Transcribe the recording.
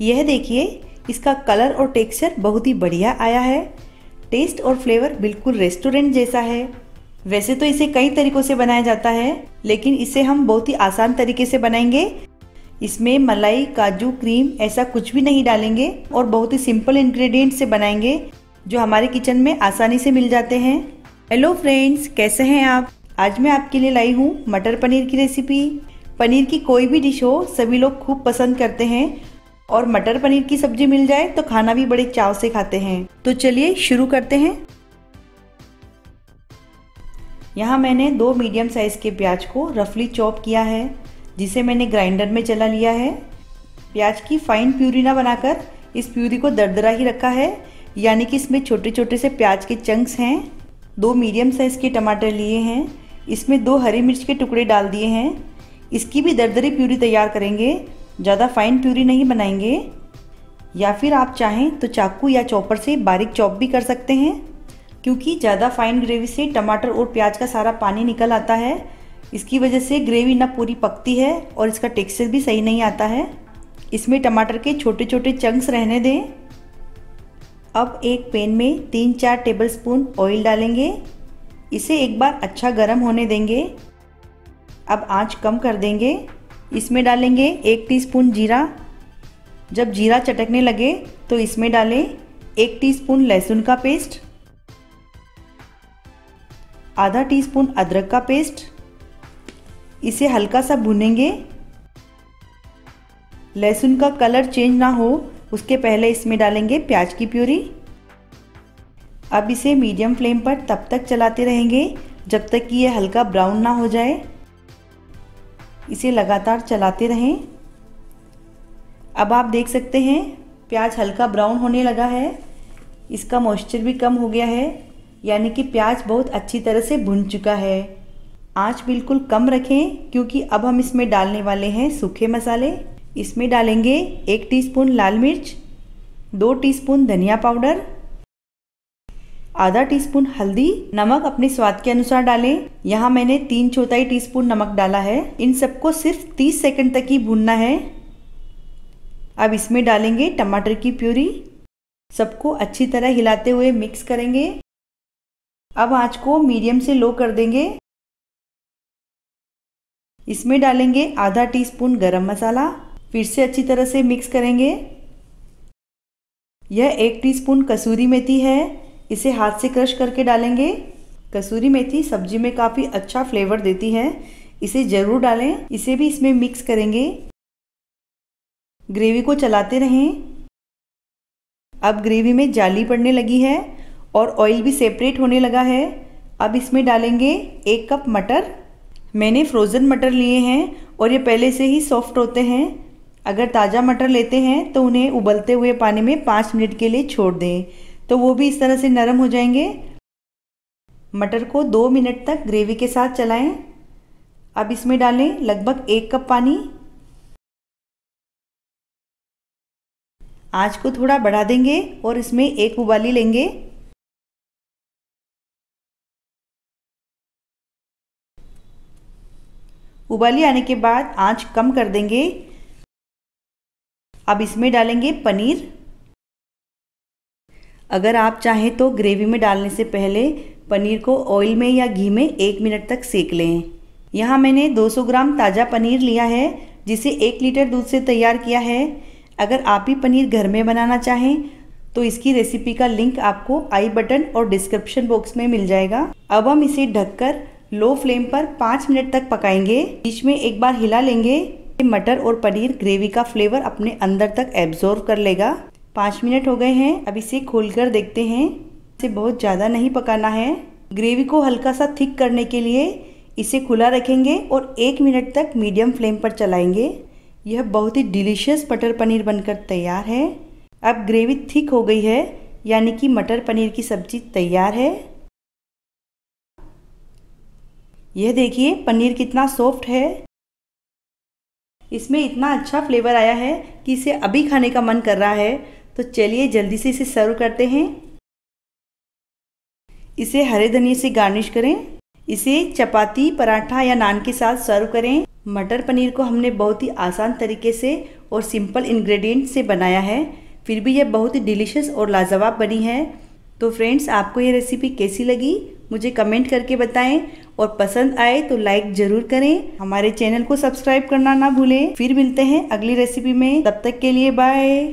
यह देखिए इसका कलर और टेक्सचर बहुत ही बढ़िया आया है टेस्ट और फ्लेवर बिल्कुल रेस्टोरेंट जैसा है वैसे तो इसे कई तरीकों से बनाया जाता है लेकिन इसे हम बहुत ही आसान तरीके से बनाएंगे इसमें मलाई काजू क्रीम ऐसा कुछ भी नहीं डालेंगे और बहुत ही सिंपल इंग्रेडिएंट से बनाएंगे जो हमारे किचन में आसानी से मिल जाते हैं हेलो फ्रेंड्स कैसे हैं आप आज मैं आपके लिए लाई हूँ मटर पनीर की रेसिपी पनीर की कोई भी डिश हो सभी लोग खूब पसंद करते हैं और मटर पनीर की सब्जी मिल जाए तो खाना भी बड़े चाव से खाते हैं तो चलिए शुरू करते हैं यहाँ मैंने दो मीडियम साइज़ के प्याज को रफली चॉप किया है जिसे मैंने ग्राइंडर में चला लिया है प्याज की फाइन प्यूरी ना बनाकर इस प्यूरी को दरदरा ही रखा है यानी कि इसमें छोटे छोटे से प्याज के चंक्स हैं दो मीडियम साइज़ के टमाटर लिए हैं इसमें दो हरी मिर्च के टुकड़े डाल दिए हैं इसकी भी दरदरी प्यूरी तैयार करेंगे ज़्यादा फाइन प्यूरी नहीं बनाएंगे या फिर आप चाहें तो चाकू या चॉपर से बारीक चॉप भी कर सकते हैं क्योंकि ज़्यादा फाइन ग्रेवी से टमाटर और प्याज का सारा पानी निकल आता है इसकी वजह से ग्रेवी ना पूरी पकती है और इसका टेक्सचर भी सही नहीं आता है इसमें टमाटर के छोटे छोटे चंक्स रहने दें अब एक पैन में तीन चार टेबल स्पून ऑयल डालेंगे इसे एक बार अच्छा गर्म होने देंगे अब आँच कम कर देंगे इसमें डालेंगे एक टीस्पून जीरा जब जीरा चटकने लगे तो इसमें डालें एक टीस्पून लहसुन का पेस्ट आधा टीस्पून अदरक का पेस्ट इसे हल्का सा भुनेंगे लहसुन का कलर चेंज ना हो उसके पहले इसमें डालेंगे प्याज की प्यूरी अब इसे मीडियम फ्लेम पर तब तक चलाते रहेंगे जब तक कि यह हल्का ब्राउन ना हो जाए इसे लगातार चलाते रहें अब आप देख सकते हैं प्याज हल्का ब्राउन होने लगा है इसका मॉइस्चर भी कम हो गया है यानी कि प्याज बहुत अच्छी तरह से भुन चुका है आँच बिल्कुल कम रखें क्योंकि अब हम इसमें डालने वाले हैं सूखे मसाले इसमें डालेंगे एक टीस्पून लाल मिर्च दो टीस्पून धनिया पाउडर आधा टीस्पून हल्दी नमक अपने स्वाद के अनुसार डालें यहाँ मैंने तीन चौथाई टीस्पून नमक डाला है इन सबको सिर्फ 30 सेकंड तक ही भूनना है अब इसमें डालेंगे टमाटर की प्यूरी सबको अच्छी तरह हिलाते हुए मिक्स करेंगे अब आंच को मीडियम से लो कर देंगे इसमें डालेंगे आधा टी स्पून मसाला फिर से अच्छी तरह से मिक्स करेंगे यह एक टीस्पून कसूरी मेथी है इसे हाथ से क्रश करके डालेंगे कसूरी मेथी सब्जी में काफ़ी अच्छा फ्लेवर देती है इसे ज़रूर डालें इसे भी इसमें मिक्स करेंगे ग्रेवी को चलाते रहें अब ग्रेवी में जाली पड़ने लगी है और ऑयल भी सेपरेट होने लगा है अब इसमें डालेंगे एक कप मटर मैंने फ्रोज़न मटर लिए हैं और ये पहले से ही सॉफ्ट होते हैं अगर ताज़ा मटर लेते हैं तो उन्हें उबलते हुए पानी में पाँच मिनट के लिए छोड़ दें तो वो भी इस तरह से नरम हो जाएंगे मटर को दो मिनट तक ग्रेवी के साथ चलाएं अब इसमें डालें लगभग एक कप पानी आँच को थोड़ा बढ़ा देंगे और इसमें एक उबाली लेंगे उबाली आने के बाद आंच कम कर देंगे अब इसमें डालेंगे पनीर अगर आप चाहें तो ग्रेवी में डालने से पहले पनीर को ऑयल में या घी में एक मिनट तक सेक लें यहाँ मैंने 200 ग्राम ताज़ा पनीर लिया है जिसे एक लीटर दूध से तैयार किया है अगर आप ही पनीर घर में बनाना चाहें तो इसकी रेसिपी का लिंक आपको आई बटन और डिस्क्रिप्शन बॉक्स में मिल जाएगा अब हम इसे ढककर लो फ्लेम पर पाँच मिनट तक पकाएंगे बीच में एक बार हिला लेंगे मटर और पनीर ग्रेवी का फ्लेवर अपने अंदर तक एब्जॉर्व कर लेगा पाँच मिनट हो गए हैं अब इसे खोलकर देखते हैं इसे बहुत ज़्यादा नहीं पकाना है ग्रेवी को हल्का सा थिक करने के लिए इसे खुला रखेंगे और एक मिनट तक मीडियम फ्लेम पर चलाएंगे यह बहुत ही डिलीशियस मटर पनीर बनकर तैयार है अब ग्रेवी थिक हो गई है यानी कि मटर पनीर की सब्जी तैयार है यह देखिए पनीर कितना सॉफ्ट है इसमें इतना अच्छा फ्लेवर आया है कि इसे अभी खाने का मन कर रहा है तो चलिए जल्दी से इसे सर्व करते हैं इसे हरे धनिया से गार्निश करें इसे चपाती पराठा या नान के साथ सर्व करें मटर पनीर को हमने बहुत ही आसान तरीके से और सिंपल इंग्रेडिएंट से बनाया है फिर भी यह बहुत ही डिलीशियस और लाजवाब बनी है तो फ्रेंड्स आपको ये रेसिपी कैसी लगी मुझे कमेंट करके बताएं और पसंद आए तो लाइक जरूर करें हमारे चैनल को सब्सक्राइब करना ना भूलें फिर मिलते हैं अगली रेसिपी में तब तक के लिए बाय